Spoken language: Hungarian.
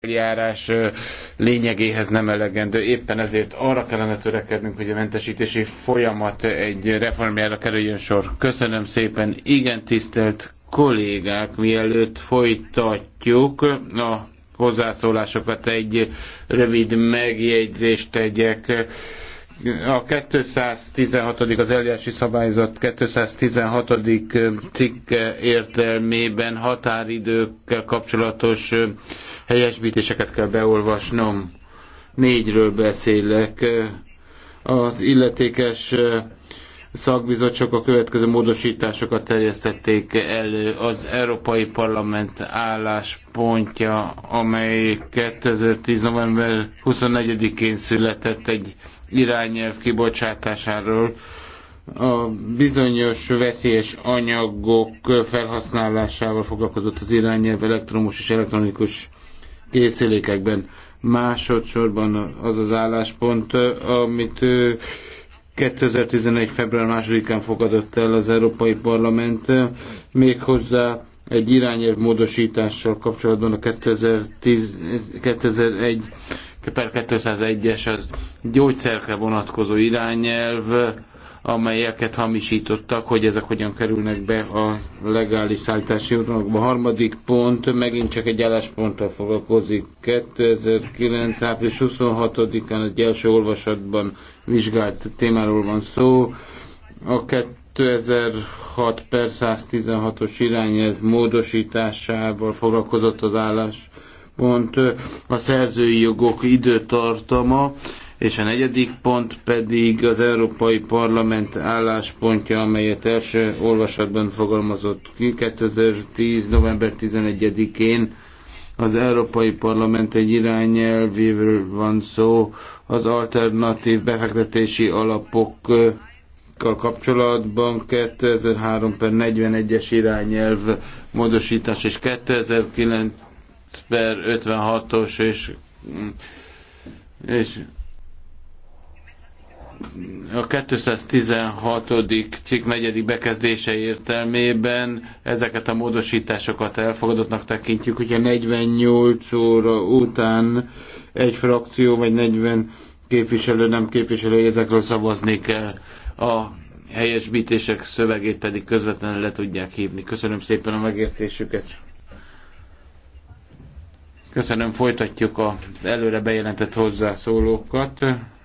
eljárás lényegéhez nem elegendő. Éppen ezért arra kellene törekednünk, hogy a mentesítési folyamat egy reformjára kerüljön sor. Köszönöm szépen. Igen, tisztelt kollégák, mielőtt folytatjuk a hozzászólásokat, egy rövid megjegyzést tegyek a 216. az eljárási szabályzat 216. cikk értelmében határidőkkel kapcsolatos helyesbítéseket kell beolvasnom. Négyről beszélek. Az illetékes szakbizottság a következő módosításokat terjesztették elő. Az Európai Parlament álláspontja, amely 2010. november 24-én született egy irányelv kibocsátásáról, a bizonyos veszélyes anyagok felhasználásával foglalkozott az irányelv elektromos és elektronikus készülékekben. Másodszorban az az álláspont, amit 2011. február 2-án fogadott el az Európai Parlament, eh, méghozzá egy irányelv módosítással kapcsolatban a 2010, 2001 eh, per 201-es az vonatkozó irányelv amelyeket hamisítottak, hogy ezek hogyan kerülnek be a legális szállítási útonokba. Harmadik pont, megint csak egy állásponttal foglalkozik. 2009. április 26-án egy első olvasatban vizsgált témáról van szó. A 2006 per 116-os irányelv módosításával foglalkozott az álláspont a szerzői jogok időtartama és a negyedik pont pedig az Európai Parlament álláspontja, amelyet első olvasatban fogalmazott ki 2010. november 11-én. Az Európai Parlament egy irányelvéről van szó, az alternatív befektetési alapokkal kapcsolatban 2003 per 41-es irányelv módosítás és 2009 per 56-os és és a 216. cikk negyedik bekezdése értelmében ezeket a módosításokat elfogadottnak tekintjük, hogyha 48 óra után egy frakció vagy 40 képviselő nem képviselő, ezekről szavazni kell. A helyesbítések szövegét pedig közvetlenül le tudják hívni. Köszönöm szépen a megértésüket. Köszönöm, folytatjuk az előre bejelentett hozzászólókat.